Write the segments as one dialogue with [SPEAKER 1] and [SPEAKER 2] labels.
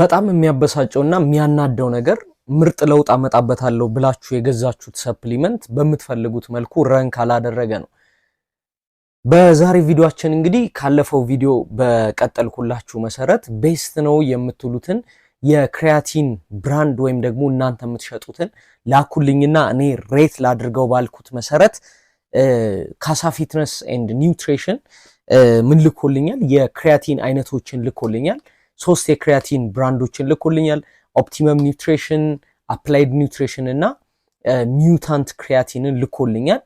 [SPEAKER 1] በጣም የሚያበሳጨውና የሚያናደው ነገር ምርጥ ለውጥ አመጣበታለሁ ብላችሁ የገዛችሁት ሰፕሊመንት በምትፈልጉት መልኩ ረን ካላደረገ ነው። በዛሬ ቪዲዮአችን እንግዲህ ካለፈው ቪዲዮ በቀጠልኩላችሁ መሰረት ቤስት ነው የምትሉትን የክሪያቲን ብራንድ ወይም ደግሞ እናንተ የምትሸጡትን ላኩልኝና እኔ ሬት ላድርገው ባልኩት መሰረት ካሳ ፊትነስ ኤንድ ኒውትሪሽን ምን ልኮልኛል? የክሪያቲን አይነቶችን ልኮልኛል። ሶስት የክሪያቲን ብራንዶችን ልኮልኛል። ኦፕቲመም ኒውትሪሽን፣ አፕላይድ ኒውትሪሽን እና ሚውታንት ክሪያቲንን ልኮልኛል።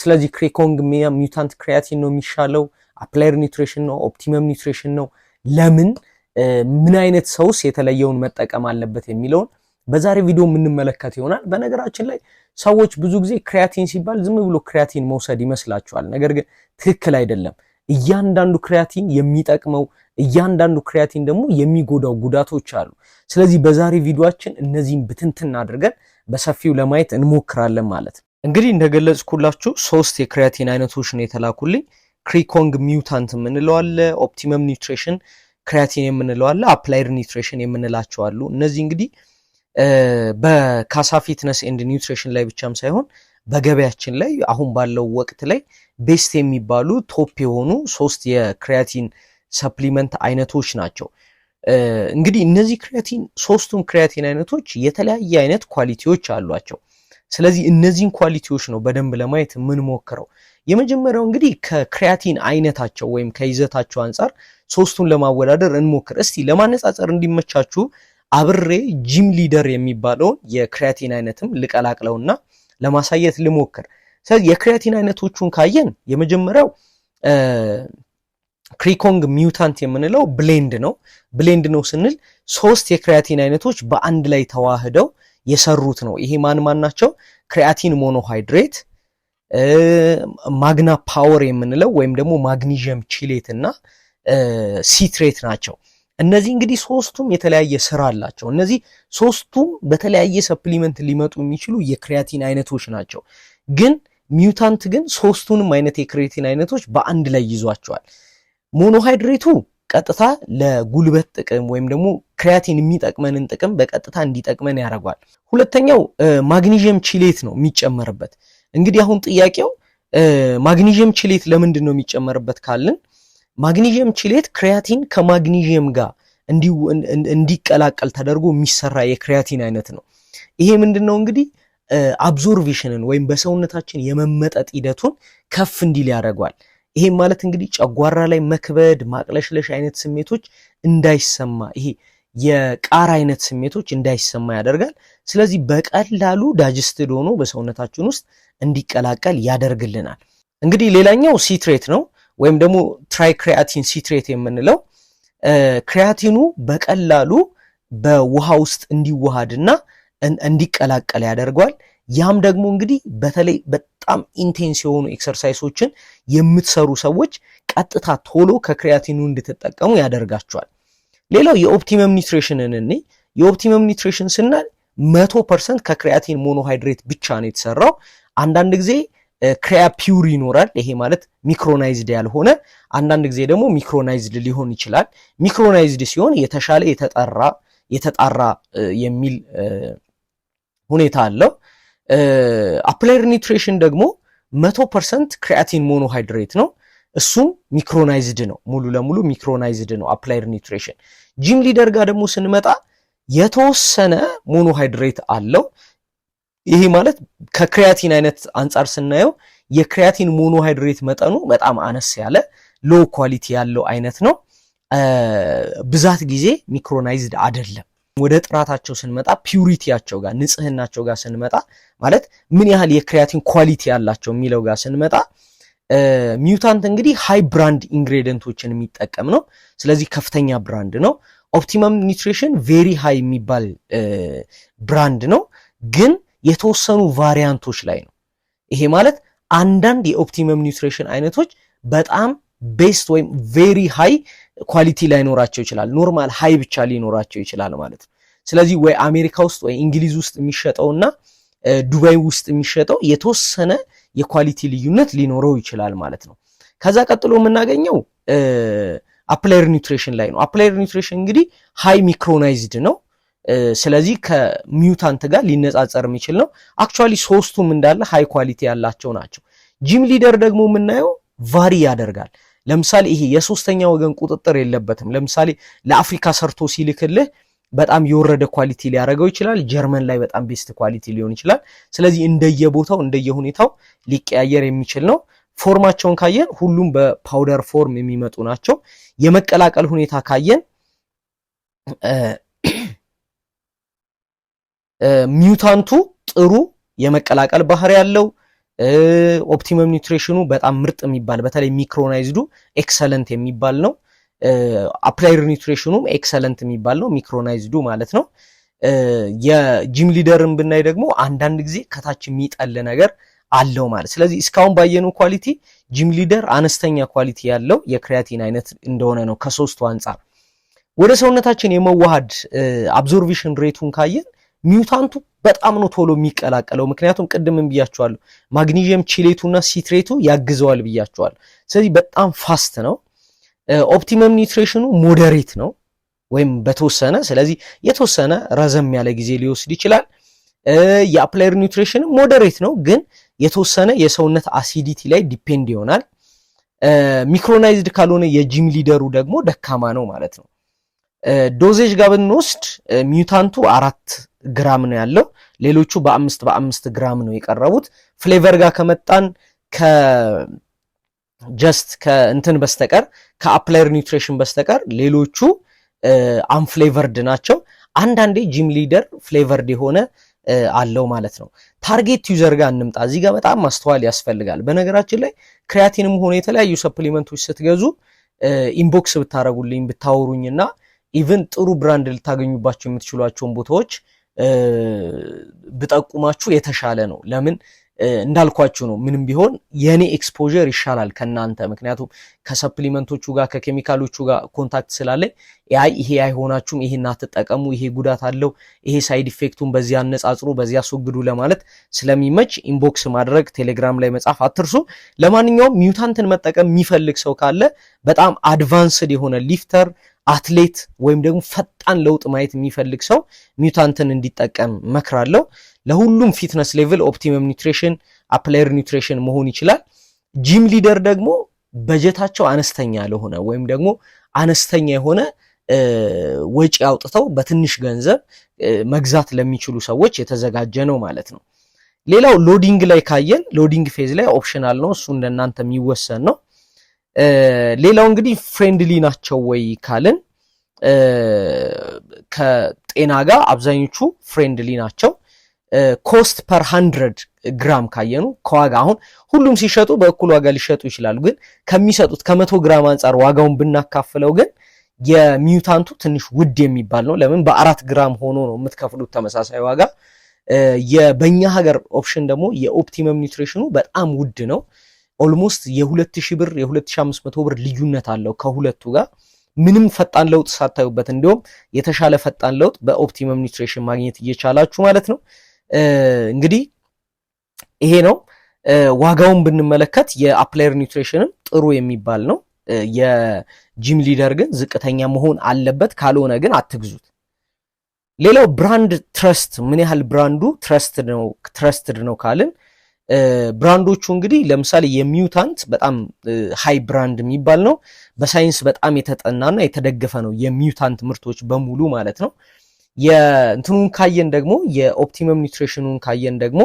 [SPEAKER 1] ስለዚህ ክሬኮንግ ሚውታንት ክሪያቲን ነው የሚሻለው፣ አፕላይድ ኒውትሪሽን ነው፣ ኦፕቲመም ኒውትሪሽን ነው? ለምን ምን አይነት ሰውስ የተለየውን መጠቀም አለበት የሚለውን በዛሬ ቪዲዮ የምንመለከት ይሆናል። በነገራችን ላይ ሰዎች ብዙ ጊዜ ክሪያቲን ሲባል ዝም ብሎ ክሪያቲን መውሰድ ይመስላቸዋል፣ ነገር ግን ትክክል አይደለም። እያንዳንዱ ክሪያቲን የሚጠቅመው እያንዳንዱ ክሪያቲን ደግሞ የሚጎዳው ጉዳቶች አሉ። ስለዚህ በዛሬ ቪዲዮችን እነዚህን ብትንትን አድርገን በሰፊው ለማየት እንሞክራለን ማለት ነው። እንግዲህ እንደገለጽኩላችሁ ሶስት የክሪያቲን አይነቶች ነው የተላኩልኝ። ክሪኮንግ ሚውታንት የምንለው አለ፣ ኦፕቲመም ኒውትሪሽን ክሪያቲን የምንለው አለ፣ አፕላይድ ኒውትሪሽን የምንላቸው አሉ። እነዚህ እንግዲህ በካሳ ፊትነስ ኤንድ ኒውትሪሽን ላይ ብቻም ሳይሆን በገበያችን ላይ አሁን ባለው ወቅት ላይ ቤስት የሚባሉ ቶፕ የሆኑ ሶስት የክሪያቲን ሰፕሊመንት አይነቶች ናቸው። እንግዲህ እነዚህ ክሪያቲን ሶስቱም ክሪያቲን አይነቶች የተለያየ አይነት ኳሊቲዎች አሏቸው። ስለዚህ እነዚህን ኳሊቲዎች ነው በደንብ ለማየት የምንሞክረው። የመጀመሪያው እንግዲህ ከክሪያቲን አይነታቸው ወይም ከይዘታቸው አንጻር ሶስቱን ለማወዳደር እንሞክር። እስቲ ለማነጻጸር እንዲመቻችሁ አብሬ ጂም ሊደር የሚባለውን የክሪያቲን አይነትም ልቀላቅለውና ለማሳየት ልሞክር። ስለዚህ የክሪያቲን አይነቶቹን ካየን የመጀመሪያው ክሪኮንግ ሚውታንት የምንለው ብሌንድ ነው። ብሌንድ ነው ስንል ሶስት የክሪያቲን አይነቶች በአንድ ላይ ተዋህደው የሰሩት ነው። ይሄ ማን ማን ናቸው? ክሪያቲን ሞኖሃይድሬት፣ ማግና ፓወር የምንለው ወይም ደግሞ ማግኒዥየም ቺሌት እና ሲትሬት ናቸው። እነዚህ እንግዲህ ሶስቱም የተለያየ ስራ አላቸው። እነዚህ ሶስቱም በተለያየ ሰፕሊመንት ሊመጡ የሚችሉ የክሪያቲን አይነቶች ናቸው። ግን ሚውታንት ግን ሶስቱንም አይነት የክሪያቲን አይነቶች በአንድ ላይ ይዟቸዋል። ሞኖሃይድሬቱ ቀጥታ ለጉልበት ጥቅም ወይም ደግሞ ክሪያቲን የሚጠቅመንን ጥቅም በቀጥታ እንዲጠቅመን ያደርጓል። ሁለተኛው ማግኒዥየም ቺሌት ነው የሚጨመርበት። እንግዲህ አሁን ጥያቄው ማግኒዥየም ቺሌት ለምንድን ነው የሚጨመርበት ካልን ማግኒዥየም ችሌት ክሪያቲን ከማግኒዥየም ጋር እንዲቀላቀል ተደርጎ የሚሰራ የክሪያቲን አይነት ነው። ይሄ ምንድን ነው እንግዲህ አብዞርቬሽንን ወይም በሰውነታችን የመመጠጥ ሂደቱን ከፍ እንዲል ያደርገዋል። ይሄም ማለት እንግዲህ ጨጓራ ላይ መክበድ፣ ማቅለሽለሽ አይነት ስሜቶች እንዳይሰማ ይሄ የቃር አይነት ስሜቶች እንዳይሰማ ያደርጋል። ስለዚህ በቀላሉ ዳጅስትድ ሆኖ በሰውነታችን ውስጥ እንዲቀላቀል ያደርግልናል። እንግዲህ ሌላኛው ሲትሬት ነው። ወይም ደግሞ ትራይ ክሪያቲን ሲትሬት የምንለው ክሪያቲኑ በቀላሉ በውሃ ውስጥ እንዲዋሃድና እንዲቀላቀል ያደርገዋል። ያም ደግሞ እንግዲህ በተለይ በጣም ኢንቴንስ የሆኑ ኤክሰርሳይሶችን የምትሰሩ ሰዎች ቀጥታ ቶሎ ከክሪያቲኑ እንድትጠቀሙ ያደርጋቸዋል። ሌላው የኦፕቲመም ኒትሬሽንን እኔ የኦፕቲመም ኒትሬሽን ስናል መቶ ፐርሰንት ከክሪያቲን ሞኖሃይድሬት ብቻ ነው የተሰራው። አንዳንድ ጊዜ ክሪያፒውር ይኖራል። ይሄ ማለት ሚክሮናይዝድ ያልሆነ አንዳንድ ጊዜ ደግሞ ሚክሮናይዝድ ሊሆን ይችላል። ሚክሮናይዝድ ሲሆን የተሻለ የተጠራ የተጣራ የሚል ሁኔታ አለው። አፕላይድ ኒትሬሽን ደግሞ መቶ ፐርሰንት ክሪያቲን ሞኖሃይድሬት ነው። እሱም ሚክሮናይዝድ ነው፣ ሙሉ ለሙሉ ሚክሮናይዝድ ነው አፕላይድ ኒትሬሽን። ጂም ሊደር ጋር ደግሞ ስንመጣ የተወሰነ ሞኖሃይድሬት አለው። ይሄ ማለት ከክሪያቲን አይነት አንጻር ስናየው የክሪያቲን ሞኖሃይድሬት መጠኑ በጣም አነስ ያለ ሎ ኳሊቲ ያለው አይነት ነው። ብዛት ጊዜ ሚክሮናይዝድ አይደለም። ወደ ጥራታቸው ስንመጣ ፒውሪቲያቸው ጋር ንጽህናቸው ጋር ስንመጣ ማለት ምን ያህል የክሪያቲን ኳሊቲ ያላቸው የሚለው ጋር ስንመጣ ሚውታንት እንግዲህ ሃይ ብራንድ ኢንግሬዲየንቶችን የሚጠቀም ነው። ስለዚህ ከፍተኛ ብራንድ ነው። ኦፕቲመም ኒውትሪሽን ቬሪ ሃይ የሚባል ብራንድ ነው ግን የተወሰኑ ቫሪያንቶች ላይ ነው። ይሄ ማለት አንዳንድ የኦፕቲመም ኒውትሪሽን አይነቶች በጣም ቤስት ወይም ቬሪ ሃይ ኳሊቲ ላይኖራቸው ይችላል። ኖርማል ሃይ ብቻ ሊኖራቸው ይችላል ማለት ነው። ስለዚህ ወይ አሜሪካ ውስጥ ወይ እንግሊዝ ውስጥ የሚሸጠውና ዱባይ ውስጥ የሚሸጠው የተወሰነ የኳሊቲ ልዩነት ሊኖረው ይችላል ማለት ነው። ከዛ ቀጥሎ የምናገኘው አፕላየር ኒውትሪሽን ላይ ነው። አፕላየር ኒውትሪሽን እንግዲህ ሃይ ሚክሮናይዝድ ነው ስለዚህ ከሚውታንት ጋር ሊነጻጸር የሚችል ነው። አክቹዋሊ ሶስቱም እንዳለ ሃይ ኳሊቲ ያላቸው ናቸው። ጂም ሊደር ደግሞ የምናየው ቫሪ ያደርጋል። ለምሳሌ ይሄ የሶስተኛ ወገን ቁጥጥር የለበትም። ለምሳሌ ለአፍሪካ ሰርቶ ሲልክልህ በጣም የወረደ ኳሊቲ ሊያደርገው ይችላል። ጀርመን ላይ በጣም ቤስት ኳሊቲ ሊሆን ይችላል። ስለዚህ እንደየቦታው እንደየሁኔታው ሊቀያየር የሚችል ነው። ፎርማቸውን ካየን ሁሉም በፓውደር ፎርም የሚመጡ ናቸው። የመቀላቀል ሁኔታ ካየን ሚውታንቱ ጥሩ የመቀላቀል ባህሪ ያለው ኦፕቲመም ኒውትሪሽኑ በጣም ምርጥ የሚባል በተለይ ሚክሮናይዝዱ ኤክሰለንት የሚባል ነው። አፕላይድ ኒውትሪሽኑም ኤክሰለንት የሚባል ነው ሚክሮናይዝዱ ማለት ነው። የጂም ሊደርን ብናይ ደግሞ አንዳንድ ጊዜ ከታች የሚጠል ነገር አለው ማለት ስለዚህ እስካሁን ባየነው ኳሊቲ ጂም ሊደር አነስተኛ ኳሊቲ ያለው የክሪያቲን አይነት እንደሆነ ነው ከሶስቱ አንጻር። ወደ ሰውነታችን የመዋሃድ አብዞርቬሽን ሬቱን ካየን ሚውታንቱ በጣም ነው ቶሎ የሚቀላቀለው። ምክንያቱም ቅድምም ብያቸዋለሁ ማግኒዥየም ቺሌቱና ሲትሬቱ ያግዘዋል ብያቸዋል። ስለዚህ በጣም ፋስት ነው። ኦፕቲመም ኒውትሬሽኑ ሞዴሬት ነው ወይም በተወሰነ ስለዚህ የተወሰነ ረዘም ያለ ጊዜ ሊወስድ ይችላል። የአፕላየር ኒውትሬሽን ሞዴሬት ነው ግን የተወሰነ የሰውነት አሲዲቲ ላይ ዲፔንድ ይሆናል። ሚክሮናይዝድ ካልሆነ የጂም ሊደሩ ደግሞ ደካማ ነው ማለት ነው። ዶዜጅ ጋር ብንወስድ ሚውታንቱ አራት ግራም ነው ያለው። ሌሎቹ በአምስት በአምስት ግራም ነው የቀረቡት። ፍሌቨር ጋር ከመጣን ከጀስት ከእንትን በስተቀር ከአፕላየር ኒውትሪሽን በስተቀር ሌሎቹ አንፍሌቨርድ ናቸው። አንዳንዴ ጂም ሊደር ፍሌቨርድ የሆነ አለው ማለት ነው። ታርጌት ዩዘር ጋር እንምጣ። እዚህ ጋር በጣም ማስተዋል ያስፈልጋል። በነገራችን ላይ ክሪያቲንም ሆነ የተለያዩ ሰፕሊመንቶች ስትገዙ ኢንቦክስ ብታረጉልኝ ብታወሩኝና ኢቨን ጥሩ ብራንድ ልታገኙባቸው የምትችሏቸውን ቦታዎች ብጠቁማችሁ የተሻለ ነው። ለምን እንዳልኳችሁ ነው። ምንም ቢሆን የኔ ኤክስፖዠር ይሻላል ከእናንተ። ምክንያቱም ከሰፕሊመንቶቹ ጋር ከኬሚካሎቹ ጋር ኮንታክት ስላለኝ አይ ይሄ አይሆናችሁም፣ ይሄን አትጠቀሙ፣ ይሄ ጉዳት አለው፣ ይሄ ሳይድ ኢፌክቱን በዚህ አነጻጽሩ፣ በዚህ አስወግዱ ለማለት ስለሚመች ኢንቦክስ ማድረግ፣ ቴሌግራም ላይ መጻፍ አትርሱ። ለማንኛውም ሚውታንትን መጠቀም የሚፈልግ ሰው ካለ በጣም አድቫንስድ የሆነ ሊፍተር አትሌት ወይም ደግሞ ፈጣን ለውጥ ማየት የሚፈልግ ሰው ሚውታንትን እንዲጠቀም መክራለሁ። ለሁሉም ፊትነስ ሌቭል ኦፕቲመም ኒውትሪሽን፣ አፕላየር ኒውትሪሽን መሆን ይችላል። ጂም ሊደር ደግሞ በጀታቸው አነስተኛ ለሆነ ወይም ደግሞ አነስተኛ የሆነ ወጪ አውጥተው በትንሽ ገንዘብ መግዛት ለሚችሉ ሰዎች የተዘጋጀ ነው ማለት ነው። ሌላው ሎዲንግ ላይ ካየን ሎዲንግ ፌዝ ላይ ኦፕሽናል ነው። እሱ እንደናንተ የሚወሰን ነው። ሌላው እንግዲህ ፍሬንድሊ ናቸው ወይ ካልን ከጤና ጋር አብዛኞቹ ፍሬንድሊ ናቸው። ኮስት ፐር ሀንድረድ ግራም ካየኑ ከዋጋ አሁን ሁሉም ሲሸጡ በእኩል ዋጋ ሊሸጡ ይችላሉ። ግን ከሚሰጡት ከመቶ ግራም አንጻር ዋጋውን ብናካፍለው ግን የሚውታንቱ ትንሽ ውድ የሚባል ነው። ለምን በአራት ግራም ሆኖ ነው የምትከፍሉት ተመሳሳይ ዋጋ። በእኛ ሀገር ኦፕሽን ደግሞ የኦፕቲመም ኒውትሪሽኑ በጣም ውድ ነው። ኦልሞስት የ2000 ብር የ2500 ብር ልዩነት አለው ከሁለቱ ጋር ምንም ፈጣን ለውጥ ሳታዩበት፣ እንዲሁም የተሻለ ፈጣን ለውጥ በኦፕቲመም ኒውትሪሽን ማግኘት እየቻላችሁ ማለት ነው። እንግዲህ ይሄ ነው። ዋጋውን ብንመለከት የአፕላየር ኒውትሪሽንም ጥሩ የሚባል ነው። የጂም ሊደር ግን ዝቅተኛ መሆን አለበት፣ ካልሆነ ግን አትግዙት። ሌላው ብራንድ ትረስት፣ ምን ያህል ብራንዱ ትረስትድ ነው ካልን ብራንዶቹ እንግዲህ ለምሳሌ የሚውታንት በጣም ሃይ ብራንድ የሚባል ነው። በሳይንስ በጣም የተጠናና የተደገፈ ነው የሚውታንት ምርቶች በሙሉ ማለት ነው። የእንትኑን ካየን ደግሞ የኦፕቲመም ኒውትሪሽኑን ካየን ደግሞ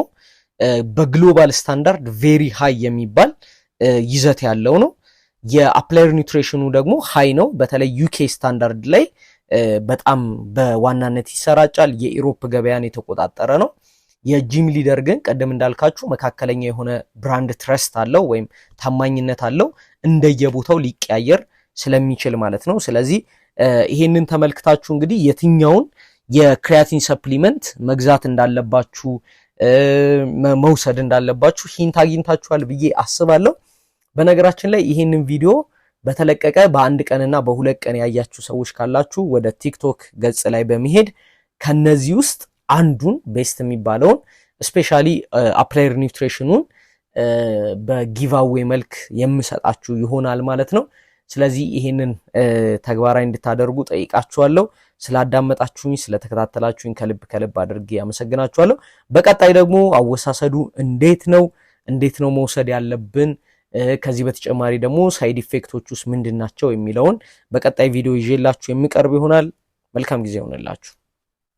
[SPEAKER 1] በግሎባል ስታንዳርድ ቬሪ ሃይ የሚባል ይዘት ያለው ነው። የአፕላየር ኒውትሪሽኑ ደግሞ ሃይ ነው። በተለይ ዩኬ ስታንዳርድ ላይ በጣም በዋናነት ይሰራጫል። የኢሮፕ ገበያን የተቆጣጠረ ነው። የጂም ሊደር ግን ቀደም እንዳልካችሁ መካከለኛ የሆነ ብራንድ ትረስት አለው ወይም ታማኝነት አለው እንደየቦታው ሊቀያየር ስለሚችል ማለት ነው። ስለዚህ ይሄንን ተመልክታችሁ እንግዲህ የትኛውን የክሪያቲን ሰፕሊመንት መግዛት እንዳለባችሁ መውሰድ እንዳለባችሁ ሂንት አግኝታችኋል ብዬ አስባለሁ። በነገራችን ላይ ይሄንን ቪዲዮ በተለቀቀ በአንድ ቀንና በሁለት ቀን ያያችሁ ሰዎች ካላችሁ ወደ ቲክቶክ ገጽ ላይ በመሄድ ከነዚህ ውስጥ አንዱን ቤስት የሚባለውን ስፔሻሊ አፕላየር ኒውትሪሽኑን በጊቫዌ መልክ የምሰጣችሁ ይሆናል ማለት ነው። ስለዚህ ይሄንን uh, ተግባራዊ እንድታደርጉ ጠይቃችኋለሁ። ስላዳመጣችሁኝ፣ ስለተከታተላችሁኝ ከልብ ከልብ አድርጌ አመሰግናችኋለሁ። በቀጣይ ደግሞ አወሳሰዱ እንዴት ነው እንዴት ነው መውሰድ ያለብን፣ uh, ከዚህ በተጨማሪ ደግሞ ሳይድ ኢፌክቶች ውስጥ ምንድን ናቸው የሚለውን በቀጣይ ቪዲዮ ይዤላችሁ የሚቀርብ ይሆናል። መልካም ጊዜ ይሆንላችሁ።